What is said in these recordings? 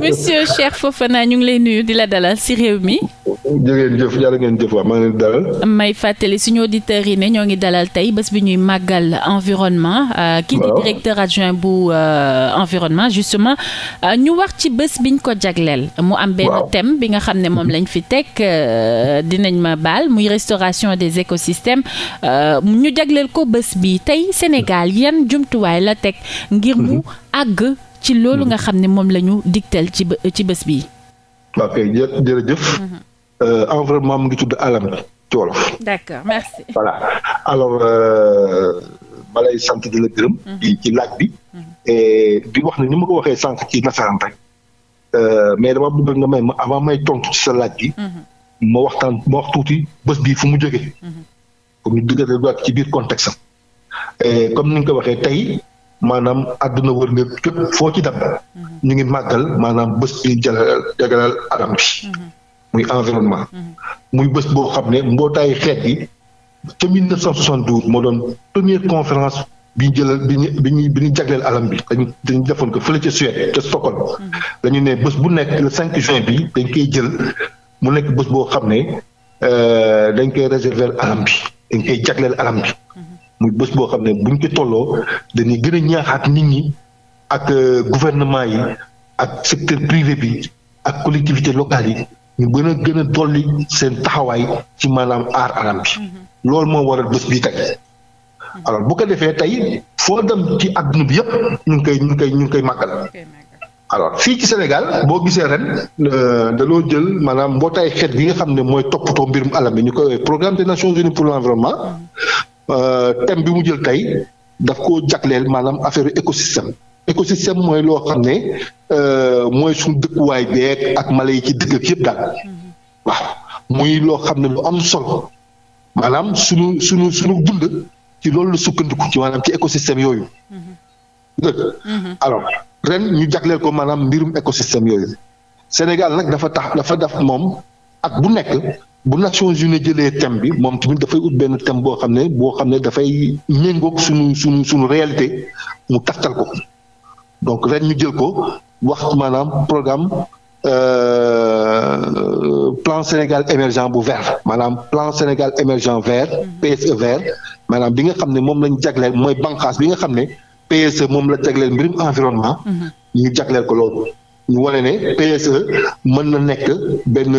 monsieur Cheikh Fofana ñu ngi lay nuyu di la dalal si réew mi. jërëjëf yàlla ngeen jëf waaw maa ngi leen may fàttali suñu auditeurs yi ñoo ngi dalal tey bés bi ñuy màggal environnement. Euh, kii di directeur adjoint bu euh, environnement justement euh, ñu wax ci bés biñ ko jagleel. mu am benn thème bi nga xam ne moom lañ fi teg dinañ ma baal muy restauration des écosystèmes ñu jagleel ko bés bi tey Sénégal yan jumtuwaay la teg ngir mu mhm. àgg. ci loolu nga mm-hmm. xam ne moom lañu ñu digtal ci ci bés bi. ok jërëjëf. Mm-hmm. Euh, environnement mu ngi tudd alam ci wolof. d'accord merci. alors euh, ma sant di la gërëm. Mm-hmm. ci laaj bi. di wax ne ni ma ko waxee sànq ci nasaraan rek. Euh, mais dama bëgg nga may ma avant may tontu ci sa laaj bi. ma waxtaan ma wax tuuti bés bii fu mu jógee. ci biir contexte comme ni nga ko waxee tey. maanaam àdduna wër nga képp foo ci dem mhm. ñu ngi màggal maanaam bés bi jagalal adam bi mhm. muy environnement mhm. muy bés boo xam ne mbootaay xeet yi ca 1972 moo doon première conférence bi ñu jëlal bi ñu bi ñu bi alam bi dañ dañu defoon ko fële ca Suède ca Stockholm dañu ne bës bu nekk le 5 juin bi dañ koy jël mu nekk bës boo xam ne euh, dañ koy réserver alam bi dañ koy jagleel alam bi muy bés boo xam ne buñ ko tolloo dañuy gën a ñaaxaat nit ñi ak euh, gouvernement yi ak secteur privé bi ak collectivité locale yi ñu gën a gën a dolli seen taxawaay ci maanaam aar alam bi mm-hmm. loolu moo waral bés bi tey mm-hmm. alors bu ko defee tey foo dem ci adduna bi yëpp ñu ngi koy ñu ngi koy ñu ngi koy màggal alors fii ci Sénégal boo gisee ren euh, daloo jël maanaam mbootaay xeet bi nga xam ne mooy toppatoo mbirum alam bi ñu koy programme des Nations Unies pour l'environnement mm-hmm. Euh, thème bi mu jël tey daf koo jagleel maanaam affaire écosystème écosystème mooy loo xam ne euh, mooy suñu dëkkuwaay beeg ak mala yi ci dëkk ak yëpp daal mm-hmm. muy loo xam ne lu am solo maanaam suñu suñu suñu dund ci loolu la sukkandiku ci maanaam ci écosystème yooyu mm-hmm. Mm-hmm. alors ren ñu jagleel ko maanaam mbirum écosystème yooyu Sénégal nag dafa tax dafa daf moom at bu nekk bu Nations Unies jëlee thème bi moom tamit dafay ut benn thème boo xam ne boo xam ne dafay méngoog suñu suñu suñu réalité mu taftal ko donc ren ñu jël ko wax maanaam programme euh, plan Sénégal émergent bu vert maanaam plan Sénégal émergent vert PSE vert maanaam bi nga xam ne moom lañ jagleel mooy bànqaas bi nga xam ne PSE moom la jagleel mbirum environnement mhm. ñu jagleel ko loolu ñu wane PSE e mën na nekk benn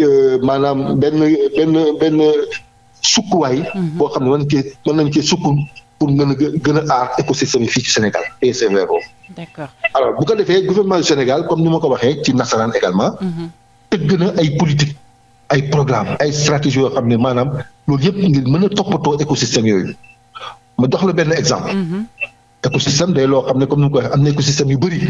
Euh, maanaam benn benn benn sukkuwaay. Mhm. boo xam ne mën mën nañ cee sukku pour gën a gën a aar écosystème yi fii ci Sénégal et CVRO. d'accord alors bu ko defee gouvernement du Sénégal comme ni ma ko waxee ci nasaraan également. Mhm. te na ay politique ay programme ay stratégie yoo xam maanaam loolu yëpp ngir mën a toppatoo écosystème yooyu ma jox la benn exemple. Mhm. écosystème day loo xam ne comme ni ma ko am na écosystème yu bëri.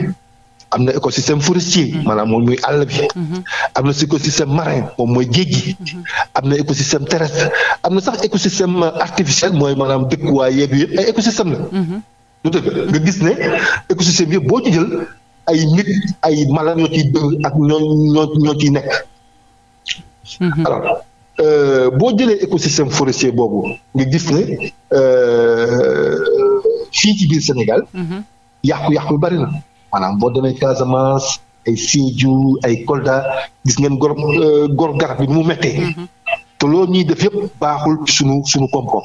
am na écosystème forestier mhm. maanaam moom mooy àll bi mhm. am na écosystème marin moom mooy géej mhm. am na écosystème terrestre am na sax écosystème artificiel mooy maanaam dëkkuwaay yeeg yëpp ay écosystème la nga gis ne écosystème yëpp boo ci jël ay nit ay mala ñoo ciy ak ñoo ñoo ñoo ciy nekk alors euh, boo jëlee écosystème forestier boobu nga gis ne euh, fii ci biir Sénégal yàqu-yàqu yu maanaam boo demee Casamance ay Sédhiou ay Kolda gis ngeen gor euh, gor garab ni mu méttee. Mm-hmm. te loolu ñuy def yëpp baaxul ci sunu sunu koom-koom.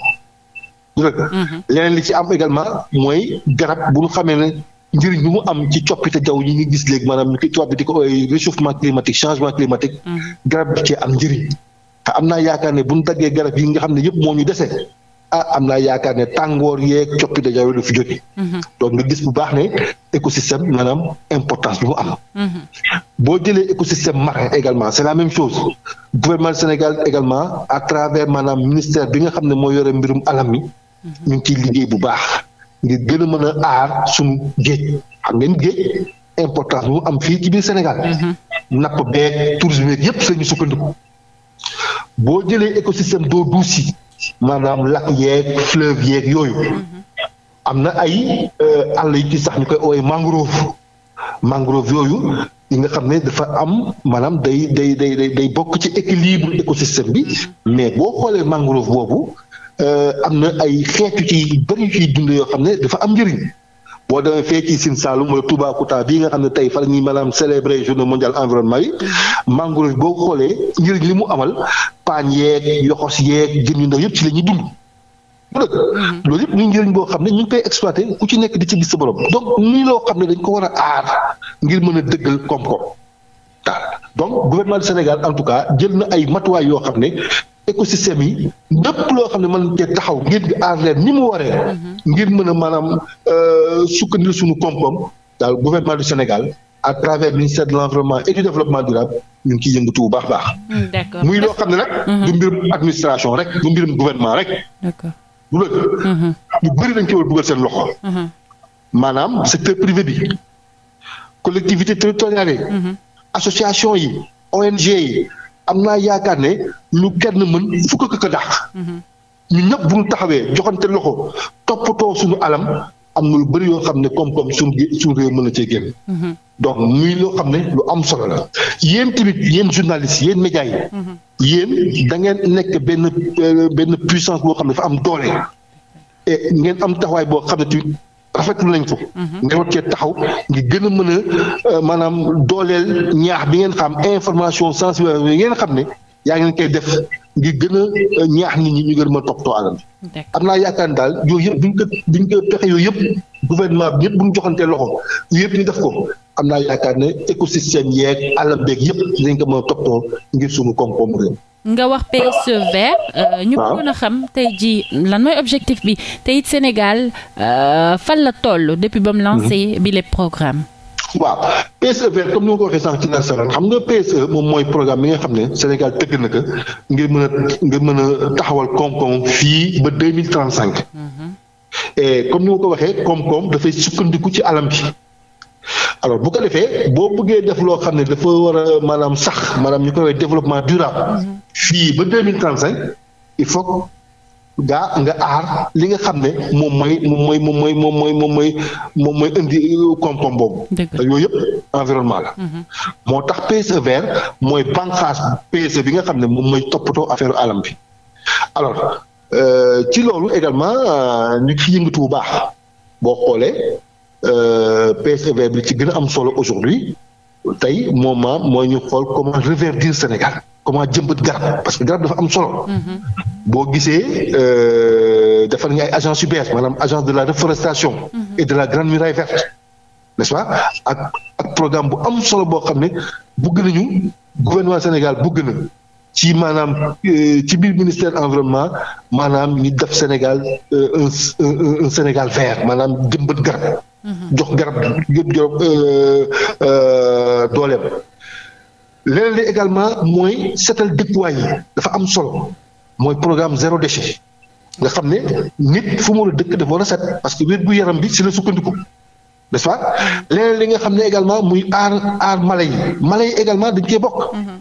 Mm-hmm. leneen li ci am également mooy garab bu ñu xamee ne njëriñ bi mu am ci coppite jaww ñi ngi gis léegi maanaam ci tubaab bi di ko réchauffement climatique changement climatique. Mm-hmm. garab bi am njëriñ. te am naa yaakaar ne bu ñu daggee garab yi nga xam ne yëpp moo ñu dese. ah am naa yaakaar ne tàngoor yeeg coppite jaww ji fi jóge. Mhm. donc nga gis bu baax ne écosystème maanaam importance bi am. Mhm. boo jëlee écosystème marin également c'est la même chose gouvernement du travers maanaam ministère bi nga xam ne moo yore mbirum alam mi. Mhm. ñu ciy liggéey bu baax ngir gën a mën a aar suñu géej xam ngeen géej importance bi mu am fii ci biir Sénégal. napp beeg tourisme beeg yëpp see ñu sukkandiku boo jëlee écosystème d'eau douce maanaam lac yeeg fleuve yeeg yooyu mm-hmm. am na ay euh, àll yi ci sax ñu koy ooy mangrove mangrove yooyu yi nga xam ne dafa am maanaam day day day day day bokk ci équilibre écosystème bi mm-hmm. mais boo xoolee mangrove boobu euh, am na ay xeetu ci bëri ciy dund yoo xam ne dafa am njëriñ boo demee fee ci Sine Saalum wala Toubacouta bii nga xam ne tey fa la ñuy maanaam célébrer journée mondiale environnement yi mm-hmm. mangrove boo xoolee njëriñ li mu amal paañ yeeg yoxos yeeg jën yu ndaw yëpp ci lañuy ñuy dund. Mhm. loolu yëpp muy njëriñ boo xam ne ñu ngi koy exploité ku ci nekk di ci gis sa donc nii loo xam ne dañ ko war a aar ngir mën a dëggal koom-koom donc gouvernement du Sénégal en tout cas jël na ay matuwaay yoo xam ne écosystème yi lépp loo xam ne mën te taxaw ngir aar leen ni mu waree. Mhm. ngir mën a maanaam euh, sukkandil suñu koom-koom daal gouvernement du Sénégal à travers le ministère de l'environnement et du développement durable ñu bu baax baax. Mm, d'accord muy loo xam ne nag. Mm-hmm. du mbirum administration rek du mbirum gouvernement rek. du lëkk. Mm-hmm. dañ ci war a dugal seen loxo. Mm-hmm. maanaam secteur privé bi collectivité territoriale association yi ONG yi am naa yaakaar ne lu kenn mën fukk ko ko ñëpp bu ñu taxawee joxante loxo toppatoo suñu alam am na lu bari yoo xam ne koom-koom suñu suñu réew mën na cee génn. Mm-hmm. donc muy loo xam ne lu am solo la. yéen tamit yéen journaliste yéen média yi. Mm-hmm. yéen da ngeen nekk benn euh, benn puissance boo xam ne dafa am doole. et ngeen am taxawaay boo xam ne tamit rafetlu nañ ko. Mm-hmm. nga war cee taxaw ngi gën a mën a euh, maanaam dooleel ñaax bi ngeen xam information sensibilisation yi ngeen xam ne. yaa ngi koy def ngir gën a euh, ñaax nit ñi ñu gën a toppatoo alal am naa yaakaar ne daal yooyu yëpp buñ ko buñ ko pexe yooyu yëpp gouvernement bi yëpp bu ñu joxantee loxo yëpp ñu def ko am naa yaakaar ne écosystème yeeg alal beeg yëpp dinañ ko mën a ngir suñu koom-koom nga wax PSE euh, ñu bëggoon a xam tey jii lan mooy objectif bi teyit it Sénégal euh, fan la toll depuis ba mu lancé mhm. bi les programmes. waaw PSE comme ni ma ko waxee sànq ci national xam nga PSE moom mooy programme bi nga xam ne Sénégal tëgg na ko ngir mën a ngir mën a taxawal koom-koom fii ba deux mille trente cinq. et comme ni ma ko waxee koom-koom dafay sukkandiku ci alam bi. alors bu ko defee boo buggee def loo xam ne dafa war a maanaam sax maanaam ñu koy développement durable mm-hmm. fii ba deux mille trente cinq il faut gaa nga aar li nga xam ne moom mooy moom mooy moom mooy moom mooy moom mooy moom mooy indi euh, koom-koom boobu. yooyu yëpp environnement la. Mm-hmm. moo tax PSE mooy bànqaas PSE bi nga xam ne moom mooy toppatoo affaire alam bi alors euh, ci loolu également ñu euh, ci yëngatu bu baax boo xoolee PSE vert bi ci gën a am solo aujourd'hui tey moment mooy ñu xool comment reverdir Sénégal. comment jëmbat garab parce que garab dafa am solo. Mhm. boo gisee euh, defar ñu ay agence yu bees maanaam agence de la reforestation. Mhm. et de la grande muraille verte. n'est-ce ak ak programme bu am solo boo xam ne bëgg nañu gouvernement Sénégal bëgg na ci maanaam euh, ci biir ministère environnement maanaam ñu def Sénégal euh, un un Sénégal vert maanaam jëmbat garab. Mhm. jox garab yëpp dooleem. leneen li également mooy setal dëkkuwaay yi dafa am solo mooy programme zéro déchet nga xam ne nit fu mu war a dëkk dafa war a set parce que wér gu yaram bi si la sukkandiku n'est-ce pas leneen li nga xam ne également muy aar aar mala yi mala yi également dañ koy bokk. Mm-hmm.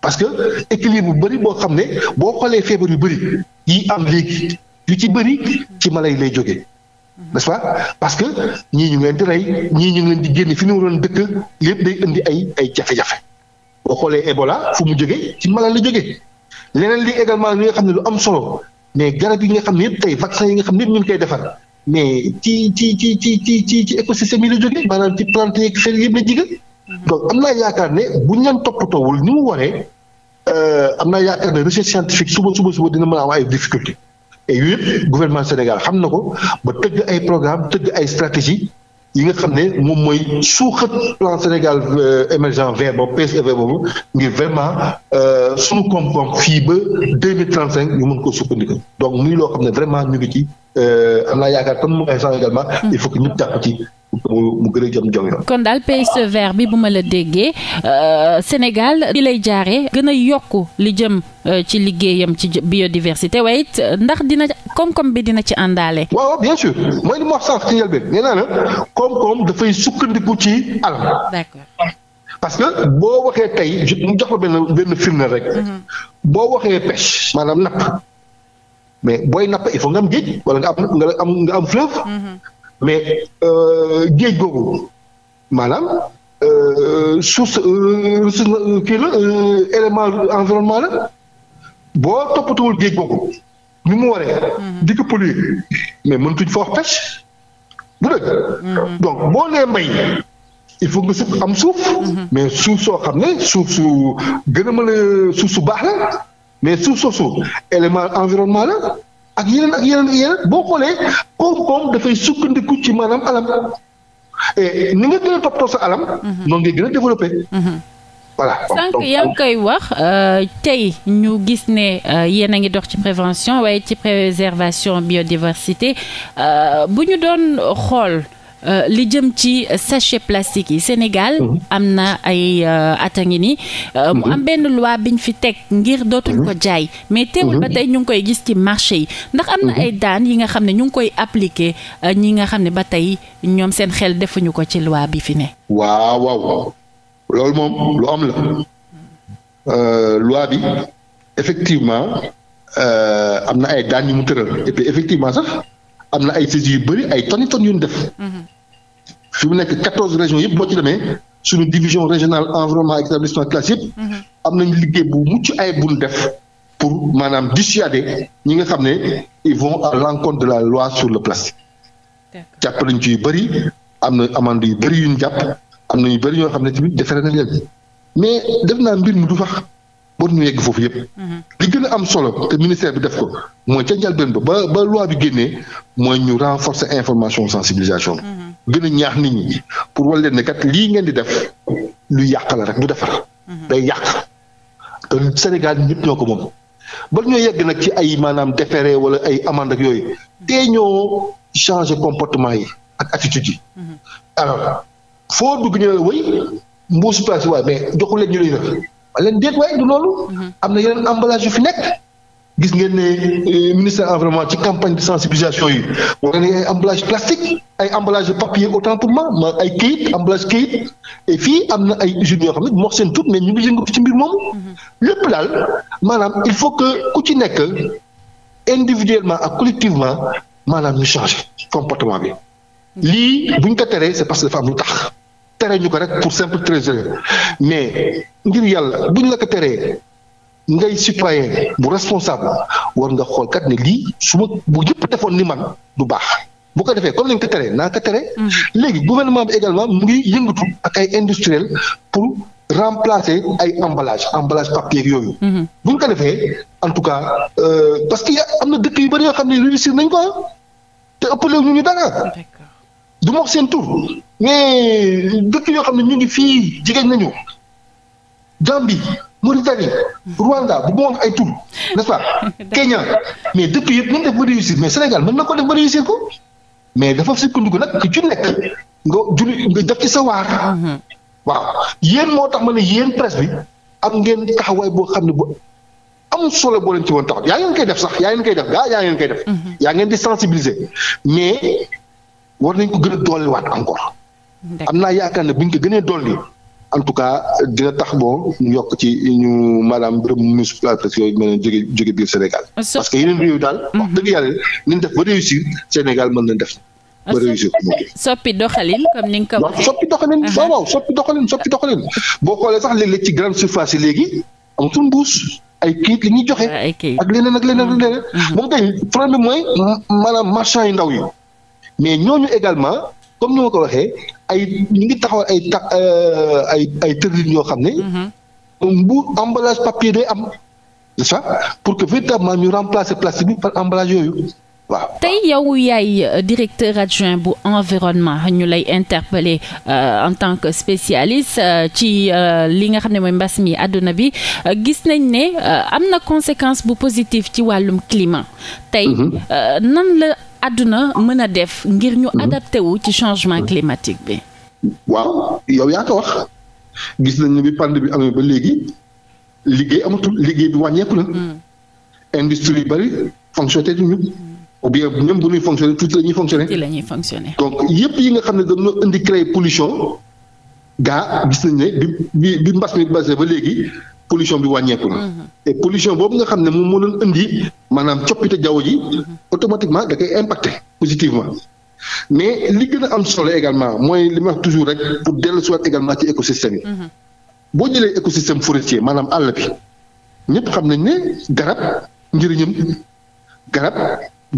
parce que équilibre bu bëri boo xam ne boo xoolee feebar yu bëri yi am léegi yu ci bëri ci mala yi lay jóge mm-hmm. nest parce que ñii ñu ngi rey ñii ñu ngi di génne fi ñu waroon dëkk lépp day indi ay ay jafe boo xoolee Ebola fu mu jógee ci mala la jógee leneen li également nu nga xam ne lu am solo mais garab yi nga xam ne yëpp tey vaccin yi nga xam ne yëpp ngi koy defar mais ci ci ci ci ci ci ci écosystème yi la jógee maanaam ci plante yëpp la jógee donc am naa yaakaar ne bu ñu leen toppatoowul ni mu waree euh, am na yaakaar ne recherche scientifique suba suba suba dina mën a am ay difficulté et yooyu yëpp gouvernement Sénégal xam na ko ba tëgg ay programme tëgg ay stratégie yi nga xam ne moom mooy suuxat plan Sénégal euh, émergent vert boobu PSEV boobu ngir vraiment euh, suñu koom-koom fii ba deux mille trente cinq ñu mën ko sukkandiku donc muy loo xam ne vraiment ñu ngi ci euh, am naa yaakaar comme mu ngi également il faut que ñëpp jàpp mu gën a jëm jëm yoon. kon daal pays e vert bi bu ma la déggee euh, Sénégal di lay jaaree gëna yokk li jëm euh, ci liggéeyam ci biodiversité waaye it euh, ndax dina koom bi dina ci àndaale. waaw bien sûr mooy li ma wax ci njëlbeen nee naa la koom-koom dafay sukkandiku ci alal. parce que boo waxee tey mu jox la benn benn firnde rek. Mhm. boo waxee pêche maanaam napp mais booy napp il faut nga am géej wala nga nga am nga am fleuve. Mhm. mais euh, géej googu maanaam euh, source euh, kii la élément environnement la boo toppatuwul géej googu ni mu waree. Mhm. di ko mais mëntuñ fa wax pêche bu dëgg. Mhm. donc boo nee mbay. il faut nga si am suuf. Mhm. mais suuf soo xam ne suuf su gën a mën a suuf su baax la mais suuf soosu élément environnement la ak yeneen ak yeneen ak boo xoolee koom-koom dafay sukkandiku ci maanaam alam et ni nga gën a toppatoo sa alam. Mhm. noonu ngay gën a développé. Mhm. voilà sànq yaa ngi koy wax euh, tey ñu gis ne euh, yéen a ngi dox ci prévention waaye ci préservation biodiversité euh, bu ñu doon xool. Euh, li jëm ci sachet plastique yi Sénégal. Mhm. am na ay euh, at a ngi nii. Euh, mu mhm. am benn loi biñ fi teg ngir dootuñ mhm. ko jaay. mais teewul ba tey ñu ngi koy gis ci marché yi ndax am na ay daan yi nga xam ne ñu ngi koy appliquer ñi nga xam ne ba tey ñoom seen xel defuñu ko ci loi bi fi ne. waaw waaw loolu moom lu am la. loi bi effectivement. am na ay daan yu mu tëral sax am na ay saisies yu bëri ay tonnes tonnes yu ñu def. fi mu nekk quatorze régions yëpp boo ci demee suñu division régionale environnement établissement classe yëpp mhm. am nañu liggéey bu mucc ay buñ def pour maanaam dissuader ñi nga xam ne il von à l'encontre de la loi sur le plastique jàpp nañ ci yu am na amande yu bëri yu ñu jàpp am na yu yoo xam ne tamit defere nañ leen mais def naa mbir mi du fax war ñu yegg foofu yëpp mhm. li gën am solo te ministère bi def ko mooy ca njëlbéen ba ba ba loi bi génnee mooy ñu renforcer information sensibilisation mhm. gën ñax ñaax nit pour wal leen ne kat lii ngeen di def lu yàq la rek lu defar. Mhm. day yàq Sénégal ñëpp ñoo ko moom. ba ñoo yegg nag ci ay maanaam déféré wala ay amande ak yooyu te ñoo changer comportement yi ak attitude yi. Mhm. alors foo dugg ñu ne la wéy mbuusu place bi waaye mais joxu leen ñu loolu. Mhm. am na yeneen emballage yu fi nekk. gis ngeen ne euh, ministère environnement ci campagne de sensibilisation yi war nañ ay emballage plastique ay emballage papier autant pour moi ma ay kayit emballage kayit et fii am na ay usines yoo xam ne moo seen tur mais ñu ngi yëngatu ci mbir moomu mm-hmm. lépp daal maanaam il faut que ku ci nekk individuellement ak collectivement maanaam ñu changer comportement bi mm-hmm. lii buñ ñu ko teree c'est parce que dafa am lu tax tere ñu ko rek pour simple trésor mm-hmm. mais ngir yàlla bu la ko teree ngay citoyen bu responsable war nga xool kat ne lii su ma bu yëpp defoon ni man du baax bu ko defee comme lañ ko teree naa ko tere. Mm-hmm. léegi gouvernement bi également mu ngi yëngatu ak ay industriel pour remplacer ay emballage emballage papier yooyu. Mm-hmm. bu ñu ko defee en tout cas euh, parce que am na dëkk yu bëri yoo xam ne réussir nañ ko te ëppale ñu ñu dara. du ma wax seen tur mais dëkk yoo xam ne ñu ngi fii jigéen nañu Gambie. Mauritanie Rwanda bu moom ay tur n'est-ce pas Kenya mais dëkk yëpp mën def ba réussir mais Sénégal mën na ko def ba réussir ko mais dafa sukkandiku nag ku ci nekk nga julli nga def ci sa waar mhm. waaw yéen moo tax ma ne yéen presse bi am ngeen taxawaay boo xam ne bu am solo boo leen ci woon tax yaa ngeen koy def sax yaa ngeen koy def gaa yaa ngeen koy def mhm. yaa ngeen di sensibiliser mais war nañ ko gën a dolliwaat encore am naa yaakaar ne buñ ko gënee dolli en tout cas dina tax boo ñu yokk ci ñu maanaam bërëb municipal presque yooyu jóge biir Sénégal. parce que yeneen réew daal. wax mhm. dëgg yàlla ni ñu def ba réussir Sénégal mën na def. ba réussir soppi doxalin comme ni nga ko waxee. soppi doxalin waaw soppi doxalin soppi boo xoolee sax léeg-léeg ci grande surface yi léegi amatul mbuus. ay kayit li ñuy joxe. ak leneen ak leneen ak leneen. Mhm. Mhm. moom tey problème mooy maanaam marchand yu ndaw yi mais ñooñu également comme ni ma ko waxee ay ñu ngi taxawal ay ta euh, ay ay tërëriñ yoo xam ne. Mhm. bu emballage papier day am. c'est pour que véritablement ñu remplacer plastique bi par emballage yooyu. waaw tey yow yaay euh, directeur adjoint bu environnement ñu lay interpeller euh, en tant que spécialiste ci li nga xam ne mooy mbas mi àdduna bi gis nañ ne am na conséquence bu positive ci wàllum climat tey mhm. nan la àdduna mën a def ngir ñu mhm. adapté ci changement mhm. climatique bi. waaw yow yaa ko wax gis nañu ne bi pandémie bi amee ba léegi liggéey amatul liggéey bi wàññeeku na. Mhm. industrie yu bari fonctionné ñu ou bien ñoom bu ñuy fonctionné tuuti la ñuy fonctionné. tuuti la ñuy fonctionné. donc yépp yi nga xam ne dañoo indi créer pollution. gaa gis nañ ne bi bi mbas mi basé ba léegi pollution bi wàññeeku na. Mhm. te boobu nga xam ne moom moo doon indi maanaam coppite jaww ji automatiquement da koy impacté positivement mais li gën am solo également mooy li wax toujours rek pour dellu siwaat également ci écosystème mhm. boo jëlee écosystème forestier maanaam àll bi ñëpp xam nañ ne garab njëriñam garab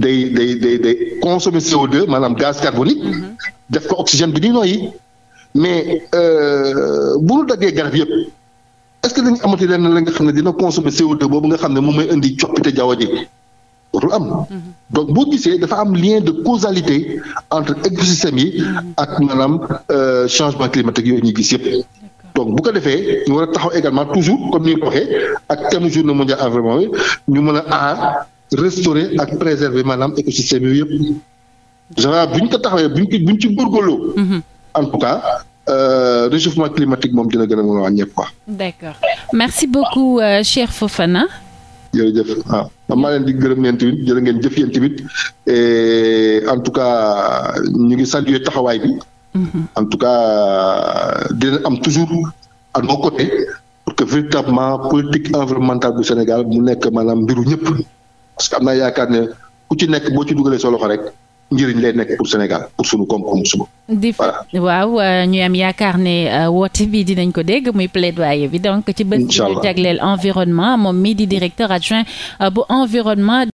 day day day day consommer co maanaam gaz carbonique. Mhm. def ko oxygène bi ñuy noyyi mais euh, bu nu daggee garab yëpp. est-ce que dañu amati lenn la nga dina consommer co boobu nga xam ne moom mooy indi coppite jaww ji dootul am. Mm-hmm. donc boo gisee dafa am lien de causalité entre écosystème yi. Mm-hmm. ak maanaam euh, changement climatique yooyu ñu gis yëpp. donc bu ko defee ñu war taxaw également toujours comme ni ñu ko waxee ak thème journée mondiale environnement bi ñu mën a aar restaurer ak préserver maanaam écosystème yooyu yëpp. Mm-hmm. genre bu ñu ko taxawee bu ñu ci bu ñu ci góorgóorloo. en tout cas. Euh, réchauffement climatique moom dina gën a mën a wàññeeku quoi. d'accord merci beaucoup euh, Cheikh Fofana. jërëjëf waaw ah, maa leen di gërëm yéen tamit jërë ngeen jëf yéen tamit et en tout cas ñu ngi saluer taxawaay bi. Mhm. en tout cas euh, dina am toujours à nos côtés pour que véritablement politique environnementale bu Sénégal mu nekk maanaam mbiru ñëpp parce que am naa yaakaar ne ku ci nekk boo ci dugalee solo loxo rek. njëriñ lay nekk pour Sénégal pour sunu koom-koom suba. voilà di waaw euh, ñu am yaakaar ne euh, woote bi dinañ ko dégg muy plaidoyer bi donc. ci bët ñu jagleel environnement moom mii di directeur adjoint euh, bu environnement.